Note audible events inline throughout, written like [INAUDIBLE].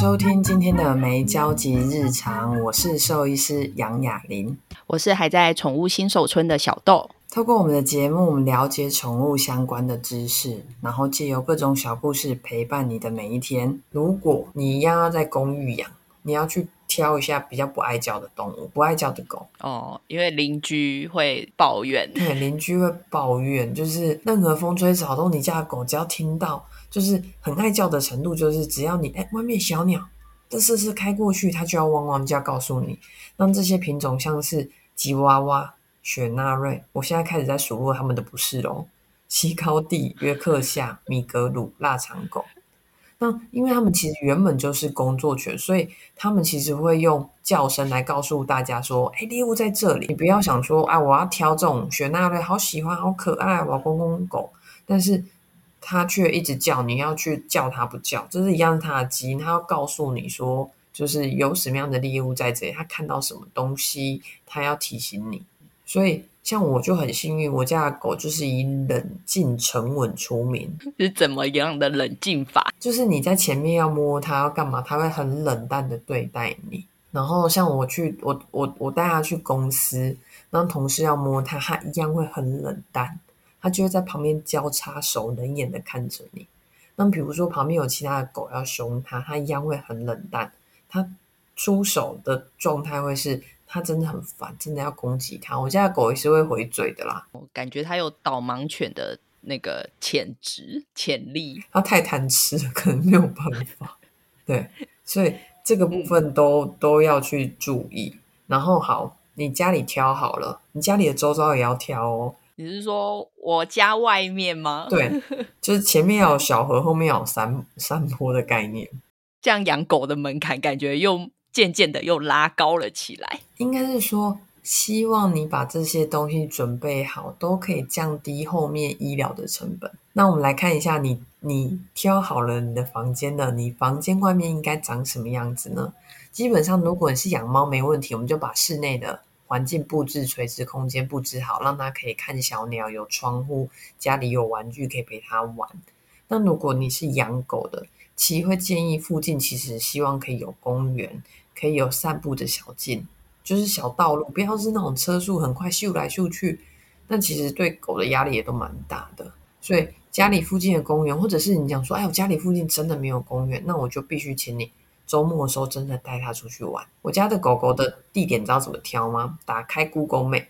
收聽今天的沒交集日常，我是獸醫師楊雅鈴，我是還在寵物新手村的小豆。透過我們的節目，我們了解寵物相關的知識，然後借由各種小故事陪伴你的每一天。如果你一樣要在公寓養，你要去挑一下比較不愛叫的動物，不愛叫的狗哦，因為鄰居會抱怨。對，鄰居會抱怨，就是任何風吹草動，到你家的狗只要聽到。就是很愛叫的程度，就是只要你誒外面小鳥、這車是開過去，它就要汪汪叫告訴你。那這些品種像是吉娃娃、雪納瑞，我現在開始在數落他們的不是咯、哦。西高地、約克夏、米格魯、臘腸狗，那因為他們其實原本就是工作犬，所以他們其實會用叫聲來告訴大家說，誒獵物在這裡，你不要想說，啊、哎，我要挑這種雪納瑞，好喜歡，好可愛，我要公公狗，但是。它卻一直叫，你要去叫它不叫，這是一樣是它的基因。它要告訴你說，就是有什麼樣的獵物在這裡，它看到什麼東西，它要提醒你。所以，像我就很幸運，我家的狗就是以冷靜沉穩出名。是怎麼樣的冷靜法？就是你在前面要摸它，要幹嘛，它會很冷淡的對待你。然後，像我去，我我我帶它去公司，當同事要摸它，它一樣會很冷淡。他就會在旁邊交叉手，冷眼的看着你。那麼比如說，旁邊有其他的狗要凶他，他一樣會很冷淡。他出手的狀態會是，他真的很煩，真的要攻擊他。我家的狗也是會回嘴的啦。我感覺它有導盲犬的那個潛質、潛力。它太貪吃了，可能沒有辦法。 [LAUGHS] 對，所以這個部分都、嗯、都要去注意。然後好，你家裡挑好了，你家裡的周遭也要挑哦。你是說我家外面嗎？對，就是前面有小河，後面有山山坡的概念。這樣養狗的門檻感覺又漸漸的又拉高了起來。應該是說，希望你把這些東西準備好，都可以降低後面醫療的成本。那我們來看一下你，你你挑好了你的房間的，你房間外面應該長什麼樣子呢？基本上，如果你是養貓沒問題，我們就把室內的。環境布置、垂直空間布置好，讓它可以看小鳥，有窗戶，家裡有玩具可以陪它玩。那如果你是養狗的，其實會建議附近其實希望可以有公園，可以有散步的小徑，就是小道路，不要是那種車速很快咻來咻去，那其實對狗的壓力也都蠻大的。所以家裡附近的公園，或者是你講說，哎呦，我家裡附近真的沒有公園，那我就必須請你。週末的時候，真的帶它出去玩。我家的狗狗的地點，你知道怎麼挑嗎？打開 Google Map，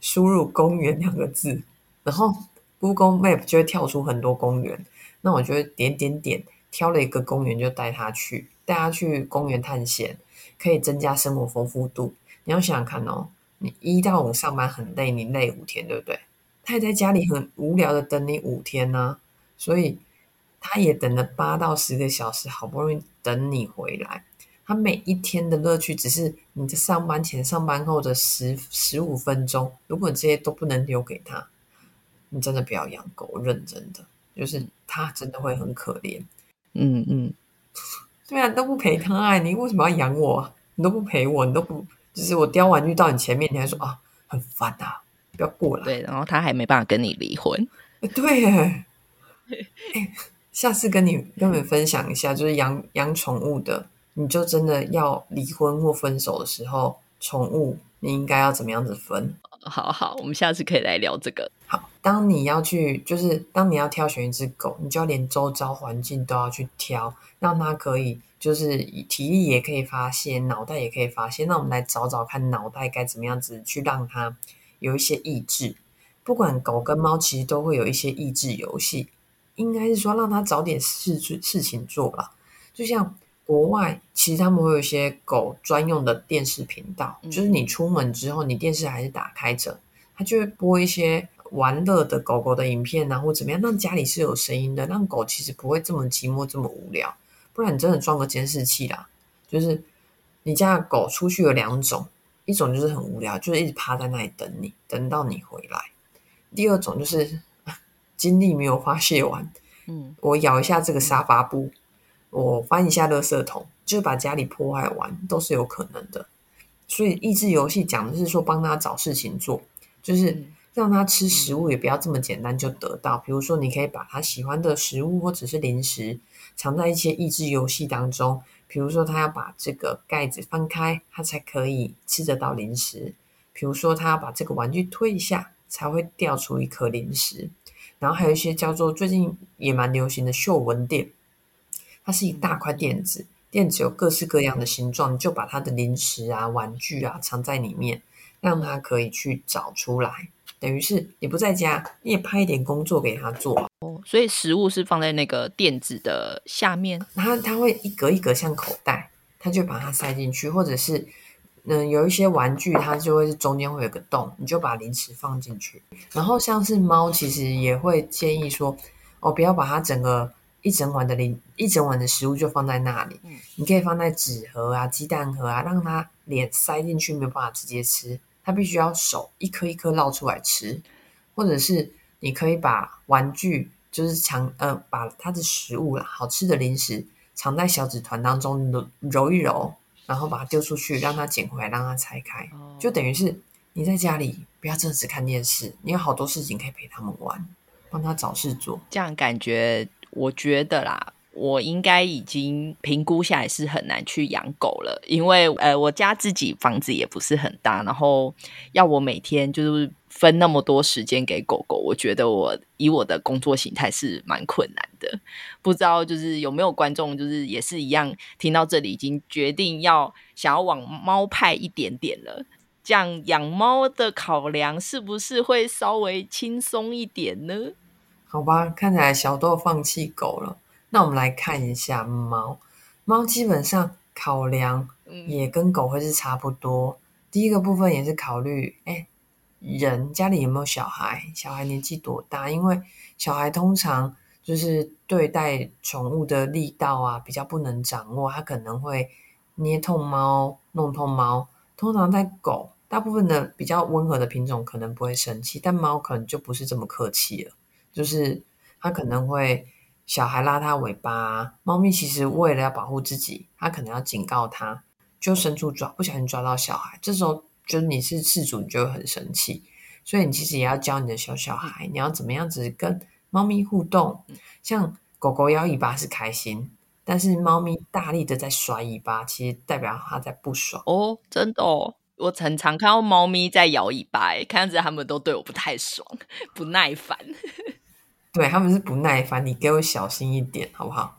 輸入“公園”兩個字，然後 Google Map 就會跳出很多公園。那我就點點點，挑了一個公園，就帶它去，帶它去公園探險，可以增加生活豐富度。你要想想看哦，你一到五上班很累，你累五天，對不對？它也在家裡很無聊的等你五天呢、啊，所以。他也等了八到十個小時，好不容易等你回來。他每一天的樂趣，只是你在上班前、上班後的十十五分鐘。如果這些都不能留給他，你真的不要養狗，認真的，就是他真的會很可憐。嗯嗯，嗯對啊，都不陪他，你為什麼要養我啊？你都不陪我，你都不，就是我叼玩具到你前面，你還說啊很煩啊，不要過來。對，然後他還沒辦法跟你離婚。對，哎。下次跟你跟你分享一下，就是養養寵物的，你就真的要離婚或分手的時候，寵物你應該要怎麼樣子分？好好，我們下次可以來聊這個。好，當你要去，就是當你要挑選一只狗，你就要連周遭環境都要去挑，讓它可以就是以體力也可以發洩，腦袋也可以發洩。那我們來找找看，腦袋該怎麼樣子去讓它有一些益智。不管狗跟貓，其實都會有一些益智遊戲。應該是說，讓他找點事事情做了，就像國外其實他們會有一些狗專用的電視頻道，嗯、就是你出門之後你電視還是打開着，它就會播一些玩樂的狗狗的影片啊，或怎麼樣，讓家裡是有聲音的，讓狗其實不會這麼寂寞這麼無聊。不然你真的裝個監視器啦，就是你家的狗出去有兩種，一種就是很無聊，就是一直趴在那裡等你，等到你回來；第二種就是。精力沒有發洩完，嗯，我咬一下這個沙發布，我翻一下垃圾桶，就是把家裡破壞完都是有可能的。所以益智遊戲講的是說，幫他找事情做，就是讓他吃食物也不要這麼簡單就得到。比如說，你可以把他喜歡的食物或者是零食藏在一些益智遊戲當中，比如說他要把這個蓋子翻開，他才可以吃得到零食，比如說他要把這個玩具推一下。才會掉出一顆零食，然後還有一些叫做最近也蠻流行的嗅聞墊，它是一大塊墊子，墊子有各式各樣的形狀，你就把它的零食啊、玩具啊藏在裡面，讓它可以去找出來。等於是你不在家，你也派一點工作給它做哦。所以食物是放在那個墊子的下面，它它會一格一格像口袋，它就把它塞進去，或者是。嗯，有一些玩具它就會中間會有個洞，你就把零食放進去。然後像是貓，其實也會建議說，哦，不要把它整個一整碗的零一整碗的食物就放在那裡。嗯，你可以放在紙盒啊、雞蛋盒啊，讓它臉塞進去，沒有辦法直接吃，它必須要手一顆一顆撈出來吃。或者是你可以把玩具就是藏，呃，把它的食物啦、好吃的零食藏在小紙團當中，揉，揉一揉。然後把它丟出去，讓它撿回來，讓它拆開，就等於是你在家裡不要只看電視，你有好多事情可以陪他們玩，幫他找事做。這樣感覺，我覺得啦，我應該已經評估下來是很難去養狗了，因為呃，我家自己房子也不是很大，然後要我每天就是。分那麼多時間給狗狗，我覺得我以我的工作形態是蠻困難的。不知道就是有沒有觀眾，就是也是一樣，聽到這裡已經決定要想要往貓派一點點了。這樣養貓的考量是不是會稍微輕鬆一點呢？好吧，看起來小豆放棄狗了。那我們來看一下貓。貓基本上考量也跟狗會是差不多。嗯、第一個部分也是考慮，哎、欸。人家裡有沒有小孩？小孩年紀多大？因為小孩通常就是對待寵物的力道啊，比較不能掌握，他可能會捏痛貓、弄痛貓。通常在狗，大部分的比較溫和的品種可能不會生氣，但貓可能就不是這麼客氣了，就是它可能會小孩拉它尾巴啊，貓咪其實為了要保護自己，它可能要警告它，就伸出爪，不小心抓到小孩，這時候。就你是飼主，你就會很生氣，所以你其實也要教你的小小孩，你要怎麼樣子跟貓咪互動？像狗狗搖尾巴是開心，但是貓咪大力的在甩尾巴，其實代表它在不爽。哦？真的哦！我常常看到貓咪在搖尾巴，看樣子他們都對我不太爽，不耐煩。 [LAUGHS] 對，他們是不耐煩，你給我小心一點好不好？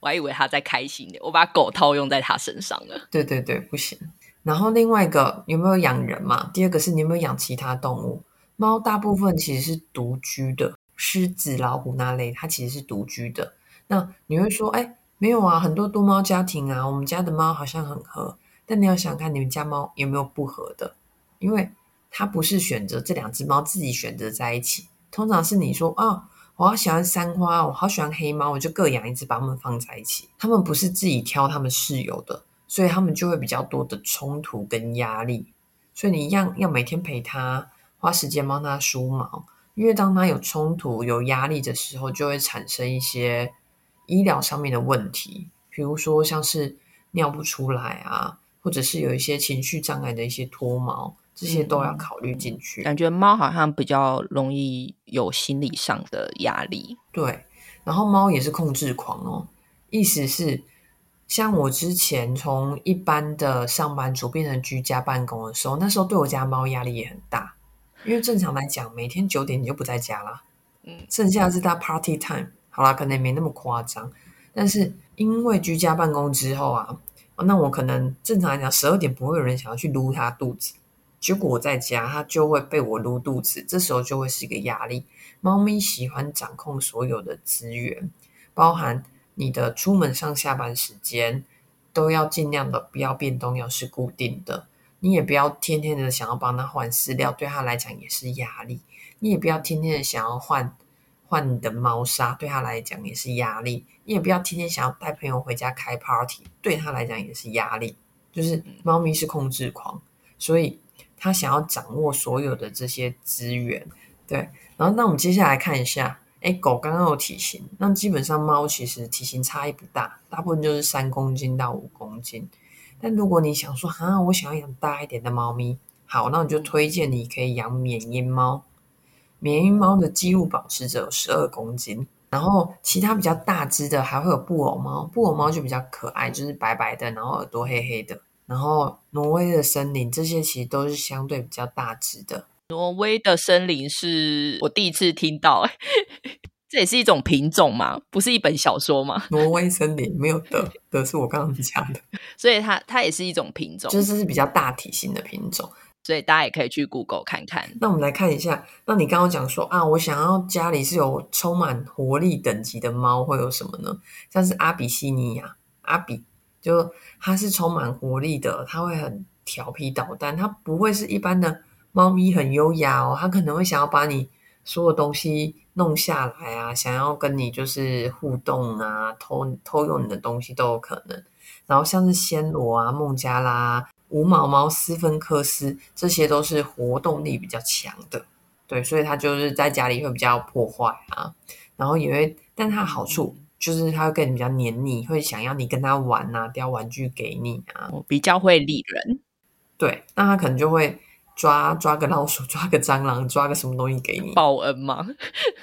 我還以為他在開心呢，我把狗套用在他身上了。對對對，不行。然後另外一個有沒有養人嘛？第二個是你有沒有養其他動物？貓大部分其實是獨居的，獅子、老虎那類它其實是獨居的。那你會說，哎，沒有啊，很多多貓家庭啊，我們家的貓好像很合。但你要想看你們家貓有沒有不合的，因為它不是選擇這兩隻貓自己選擇在一起，通常是你說啊，我好喜歡三花，我好喜歡黑貓，我就各養一隻，把它們放在一起。它們不是自己挑他們室友的。所以他們就會比較多的衝突跟壓力，所以你一樣要每天陪他，花時間幫他梳毛。因為當他有衝突、有壓力的時候，就會產生一些醫療上面的問題，比如說像是尿不出來啊，或者是有一些情緒障礙的一些脫毛，這些都要考慮進去。感覺貓好像比較容易有心理上的壓力，對。然後貓也是控制狂哦，意思是。像我之前從一般的上班族變成居家辦公的時候，那時候對我家貓壓力也很大，因為正常來講，每天九點你就不在家啦。嗯，剩下是它 party time。好啦，可能也沒那麼誇張，但是因為居家辦公之後啊，那我可能正常來講十二點不會有人想要去擼它肚子，結果我在家，它就會被我擼肚子，這時候就會是一個壓力。貓咪喜歡掌控所有的資源，包含。你的出門上下班時間都要盡量的不要變動，要是固定的。你也不要天天的想要幫他換飼料，對他來講也是壓力。你也不要天天的想要換換你的貓砂，對他來講也是壓力。你也不要天天想要帶朋友回家開 party，對他來講也是壓力。就是貓咪是控制狂，所以他想要掌握所有的這些資源。對，然後那我們接下來看一下。誒，狗剛剛有體型，那基本上貓其實體型差異不大，大部分就是三公斤到五公斤。但如果你想說啊，我想要養大一點的貓咪，好，那我就推薦你可以養緬因貓。緬因貓的記錄保持者有十二公斤，然後其他比較大只的還會有布偶貓，布偶貓就比較可愛，就是白白的，然後耳朵黑黑的，然後挪威的森林這些其實都是相對比較大只的。挪威的森林是我第一次聽到、欸， [LAUGHS] 這也是一種品種嗎？不是一本小說嗎？挪威森林沒有的，的 [LAUGHS] 是我剛剛講的，所以它它也是一種品種，就是,是比較大體型的品種，所以大家也可以去 Google 看看。那我們來看一下，那你剛剛講說啊，我想要家裡是有充滿活力等級的貓，會有什麼呢？像是阿比西尼亞，阿比就它是充滿活力的，它會很調皮搗蛋，它不會是一般的。貓咪很優雅哦，它可能會想要把你所有東西弄下來啊，想要跟你就是互動啊，偷偷用你的東西都有可能。然後像是暹羅啊、孟加拉、無毛貓、斯芬克斯，這些都是活動力比較強的，對，所以它就是在家裡會比較破壞啊，然後也會，但它的好處就是它會跟你比較黏膩，會想要你跟它玩啊，叼玩具給你啊，比較會理人。對，那它可能就會。抓抓個老鼠，抓個蟑螂，抓個什麼東西給你報恩嗎？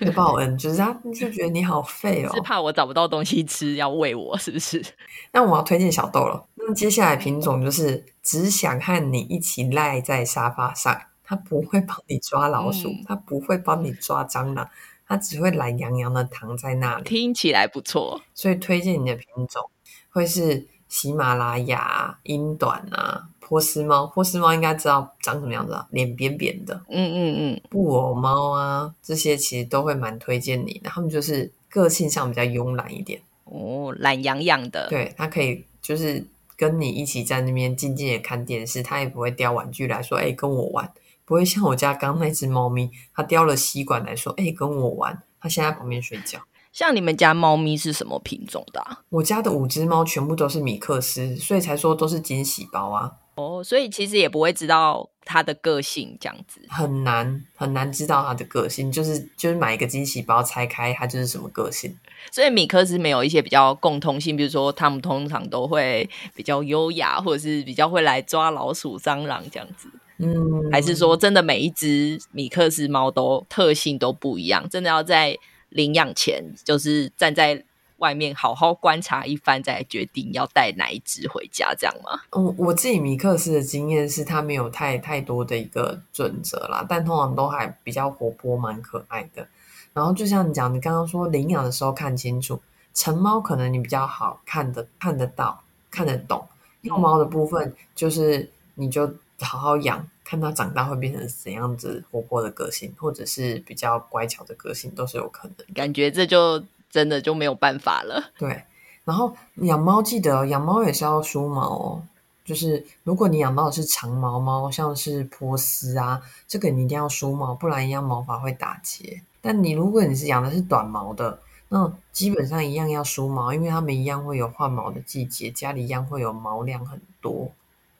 [LAUGHS] 報恩就是他就覺得你好廢哦，是怕我找不到東西吃要餵我是不是？那我要推薦小豆了。那接下來品種就是只想和你一起賴在沙發上，它不會幫你抓老鼠，它、嗯、不會幫你抓蟑螂，它只會懶洋洋的躺在那裡。聽起來不錯，所以推薦你的品種會是喜馬拉雅英短啊。波斯貓，波斯貓應該知道長什麼樣子啊，臉扁扁的，嗯嗯嗯，嗯嗯布偶貓啊，這些其實都會蠻推薦你的。然後他們就是個性上比較慵懶一點哦，懶洋洋的。對，它可以就是跟你一起在那邊靜靜的看電視，它也不會叼玩具來說“哎、欸，跟我玩”。不會像我家剛剛那隻貓咪，它叼了吸管來說“哎、欸，跟我玩”。它現在，在旁邊睡覺。像你們家貓咪是什麼品種的、啊？我家的五隻貓全部都是米克斯，所以才說都是驚喜包啊。哦，oh, 所以其實也不會知道它的個性這樣子，很難很難知道它的個性，就是就是買一個驚喜包拆開，它就是什麼個性。所以米克斯沒有一些比較共通性，比如說他們通常都會比較優雅，或者是比較會來抓老鼠蟑螂這樣子。嗯，還是說真的每一隻米克斯貓都特性都不一樣？真的要在領養前就是站在外面好好觀察一番，再決定要帶哪一隻回家，這樣嗎？嗯，我自己米克斯的經驗是，它沒有太太多的一個準則啦，但通常都還比較活潑，蠻可愛的。然後就像你講，你剛剛說領養的時候看清楚，成貓可能你比較好看得看得到、看得懂，幼、哦、貓的部分就是你就好好養，看它長大會變成怎樣子活潑的個性，或者是比較乖巧的個性，都是有可能的。感覺這就。真的就沒有辦法了。對，然後養貓記得，養貓也是要梳毛哦。就是如果你養到的是長毛貓，像是波斯啊，這個你一定要梳毛，不然一樣毛髮會打結。但你如果你是養的是短毛的，那基本上一樣要梳毛，因為它們一樣會有換毛的季節，家裡一樣會有毛量很多。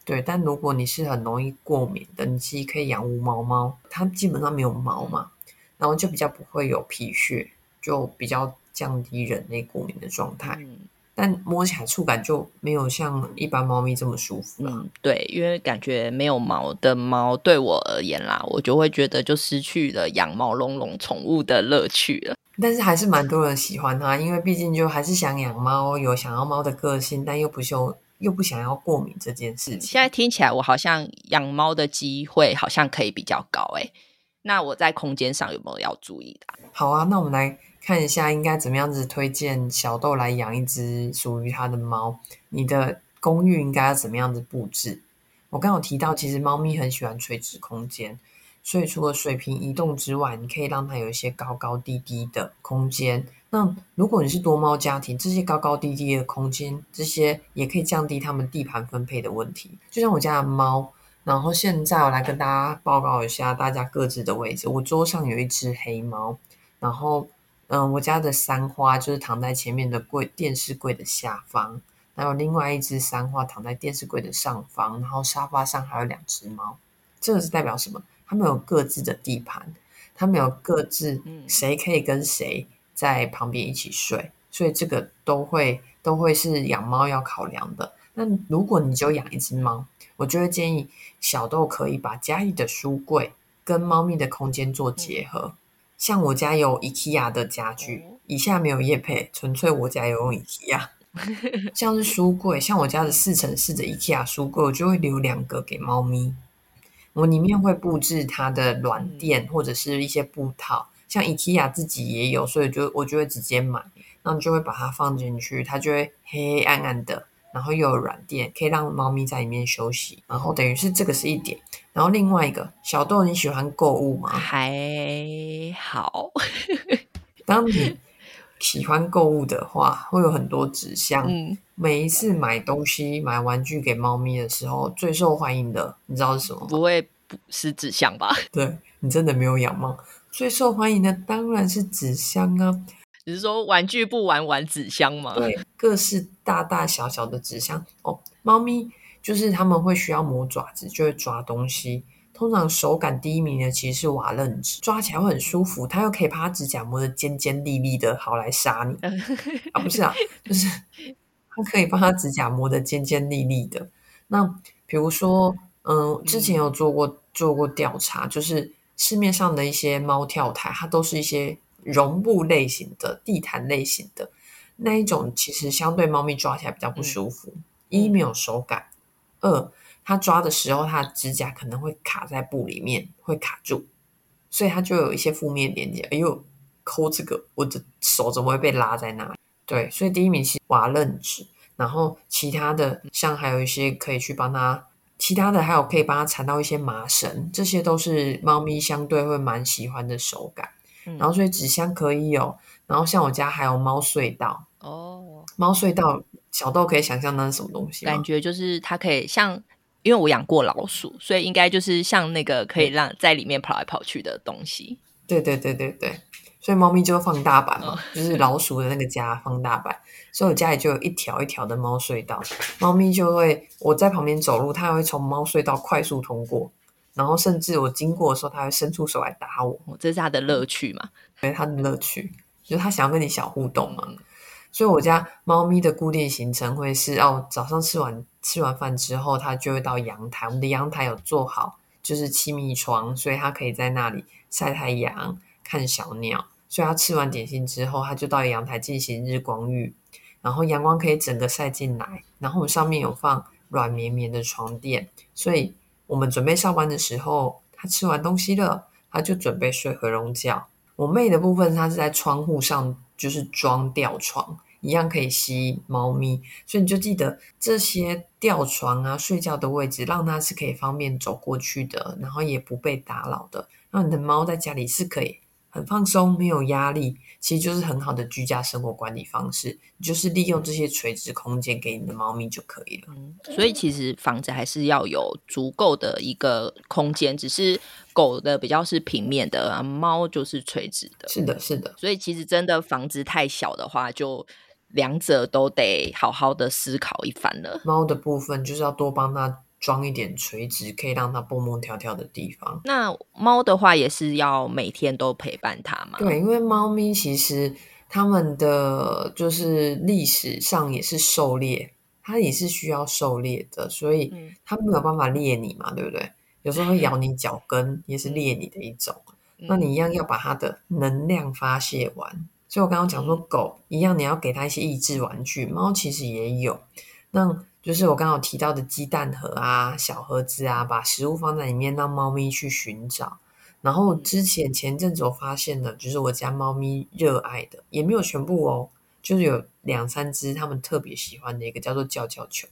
對，但如果你是很容易過敏的，你其實可以養無毛貓，它基本上沒有毛嘛，然後就比較不會有皮屑，就比較。降低人類過敏的狀態，嗯、但摸起來觸感就沒有像一般貓咪這麼舒服，啊、嗯，對，因為感覺沒有毛的貓，對我而言啦，我就會覺得就失去了養毛茸茸寵物的樂趣了。但是還是蠻多人喜歡它，因為畢竟就還是想養貓，有想要貓的個性，但又不想又不想要過敏這件事情。現在聽起來，我好像養貓的機會好像可以比較高誒、欸，那我在空間上有沒有要注意的？好啊，那我們來。看一下應該怎麼樣子推薦小豆來養一隻屬於它的貓。你的公寓應該要怎麼樣子佈置？我剛剛有提到，其實貓咪很喜歡垂直空間，所以除了水平移動之外，你可以讓它有一些高高低低的空間。那如果你是多貓家庭，這些高高低低的空間，這些也可以降低它們地盤分配的問題。就像我家的貓，然後現在我來跟大家報告一下大家各自的位置。我桌上有一隻黑貓，然後。嗯，我家的三花就是躺在前面的櫃電視櫃的下方，還有另外一只三花躺在電視櫃的上方，然後沙發上還有兩只貓，這個是代表什麼？它們有各自的地盤，它們有各自，誰可以跟誰在旁邊一起睡，所以這個都會都會是養貓要考量的。那如果你就養一只貓，我就會建議小豆可以把家裡的書櫃跟貓咪的空間做結合。嗯像我家有 IKEA 的家具，以下沒有業配，純粹我家有用 IKEA 像是書櫃，像我家的四乘四的 IKEA 書櫃，我就會留兩個給貓咪。我裡面會佈置它的軟墊或者是一些布套，像 IKEA 自己也有，所以就我就會直接買，然後就會把它放進去，它就會黑黑暗暗的。然後又有軟墊，可以讓貓咪在裡面休息。然後等於是這個是一點。然後另外一個小豆，你喜歡購物嗎？還好。 [LAUGHS] 當你喜歡購物的話，會有很多紙箱。嗯、每一次買東西、買玩具給貓咪的時候，最受歡迎的你知道是什麼？不會不是紙箱吧？對，你真的沒有養貓？最受歡迎的當然是紙箱啊。只是說玩具不玩玩紙箱嗎？對，各式大大小小的紙箱哦。貓咪就是他們會需要磨爪子，就會抓東西。通常手感第一名呢，其實是瓦楞紙，抓起來會很舒服，它又可以把他指甲磨得尖尖利利的，好來殺你 [LAUGHS] 啊？不是啊，就是它可以把它指甲磨得尖尖利利的。那比如說，嗯、呃，之前有做過、嗯、做過調查，就是市面上的一些貓跳台，它都是一些。絨布類型的地毯類型的那一種，其實相對貓咪抓起來比較不舒服。嗯、一沒有手感，嗯、二它抓的時候，它的指甲可能會卡在布裡面，會卡住，所以它就有一些負面點點。哎呦，摳這個，我的手怎麼會被拉在那裡？對，所以第一名是瓦楞紙，然後其他的像還有一些可以去幫它，其他的還有可以幫它纏到一些麻繩，這些都是貓咪相對會蠻喜歡的手感。嗯、然後，所以紙箱可以有。然後，像我家還有貓隧道哦，貓隧道，小豆可以想象那是什麼東西？感覺就是它可以像，因為我養過老鼠，所以應該就是像那個可以讓在裡面跑來跑去的東西。對、嗯、對對對對，所以貓咪就會放大版嘛，哦、就是老鼠的那個家放大版。 [LAUGHS] 所以我家裡就有一條一條的貓隧道，貓咪就會我在旁邊走路，它會從貓隧道快速通過。然後甚至我經過的時候，它會伸出手來打我，這是它的樂趣嘛？對，它的樂趣就是它想要跟你小互動嘛。所以我家貓咪的固定行程會是哦、啊、早上吃完吃完飯之後，它就會到陽台。我們的陽台有做好就是七米床，所以它可以在那裡曬太陽、看小鳥。所以它吃完點心之後，它就到陽台進行日光浴。然後陽光可以整個曬進來，然後我上面有放軟綿綿的床墊，所以。我們準備上班的時候，它吃完東西了，它就準備睡回籠覺。我妹的部分，它是在窗戶上，就是裝吊床，一樣可以吸貓咪。所以你就記得這些吊床啊，睡覺的位置，讓它是可以方便走過去的，然後也不被打擾的。那你的貓在家裡是可以，很放鬆，沒有壓力，其實就是很好的居家生活管理方式，你就是利用這些垂直空間給你的貓咪就可以了。所以其實房子還是要有足夠的一個空間，只是狗的比較是平面的，貓就是垂直的。是的，是的，是的。所以其實真的房子太小的話，就兩者都得好好的思考一番了。貓的部分就是要多幫它，裝一點垂直，可以讓它蹦蹦跳跳的地方。那貓的話也是要每天都陪伴它嘛？對，因為貓咪其實它們的，就是歷史上也是狩獵，是它也是需要狩獵的，所以它沒有辦法獵你嘛，嗯、對不對？有時候會咬你腳跟，嗯、也是獵你的一種。那你一樣要把它的能量發洩完。嗯、所以我剛剛講說，狗一樣你要給它一些益智玩具，貓其實也有那。就是我剛好提到的雞蛋盒啊、小盒子啊，把食物放在裡面讓貓咪去尋找。然後之前前陣子我發現的，就是我家貓咪熱愛的，也沒有全部哦，就是有兩三隻他們特別喜歡的一個叫做叫叫球，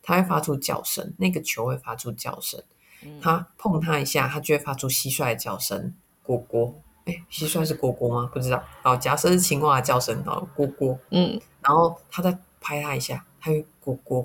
它會發出叫聲，那個球會發出叫聲。嗯、它碰它一下，它就會發出蟋蟀的叫聲。蟈蟈，誒蟋蟀是蟈蟈嗎？不知道。哦，假設是青蛙的叫聲哦，蟈蟈。蟈蟈。嗯，然後它再拍它一下，它會蟈蟈。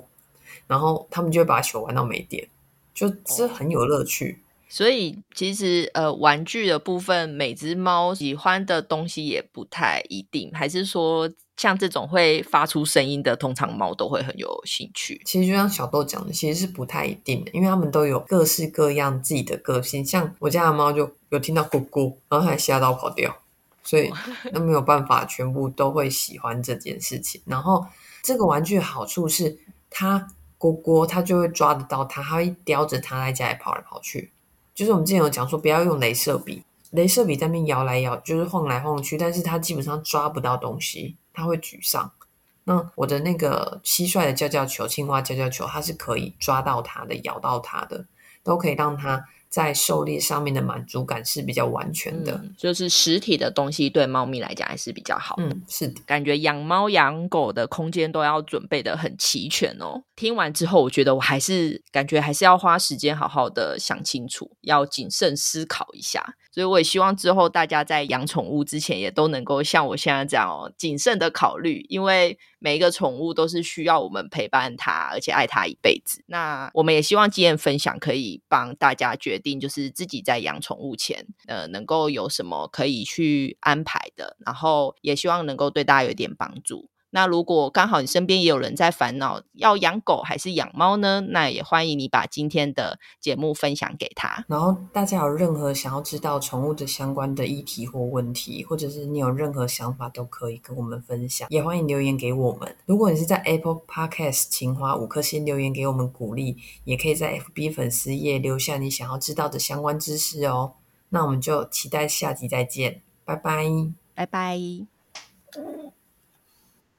然後他們就會把球玩到沒電，就這很有樂趣。Oh. 所以其實呃，玩具的部分，每只貓喜歡的東西也不太一定。還是說像這種會發出聲音的，通常貓都會很有興趣？其實就像小豆講的，其實是不太一定的，因為它們都有各式各樣自己的個性。像我家的貓就有聽到咕咕，然後還嚇到跑掉，所以那沒有辦法全部都會喜歡這件事情。Oh. [LAUGHS] 然後這個玩具的好處是它。蟈蟈它就會抓得到它，它會叼着它在家裡跑來跑去。就是我們之前有講說，不要用雷射筆，雷射筆在那邊搖來搖，就是晃來晃去，但是它基本上抓不到東西，它會沮喪。那我的那個蟋蟀的叫叫球、青蛙叫叫球，它是可以抓到它的、咬到它的，都可以讓它。在狩獵上面的滿足感是比較完全的，嗯、就是實體的東西對貓咪來講還是比較好的。嗯，是的，感覺養貓養狗的空間都要準備得很齊全哦。聽完之後，我覺得我還是感覺還是要花時間好好的想清楚，要謹慎思考一下。所以我也希望之後大家在養寵物之前，也都能夠像我現在這樣哦，謹慎的考慮，因為。每一個寵物都是需要我們陪伴它，而且愛它一輩子。那我們也希望經驗分享可以幫大家決定，就是自己在養寵物前，呃，能夠有什麼可以去安排的，然後也希望能夠對大家有點幫助。那如果剛好你身邊也有人在煩惱要養狗還是養貓呢？那也歡迎你把今天的節目分享給他。然後大家有任何想要知道寵物的相關的議題或問題，或者是你有任何想法都可以跟我們分享，也歡迎留言給我們。如果你是在 Apple Podcast 請花五顆星留言給我們鼓勵，也可以在 FB 粉絲頁留下你想要知道的相關知識哦。那我們就期待下集再見，拜拜，拜拜。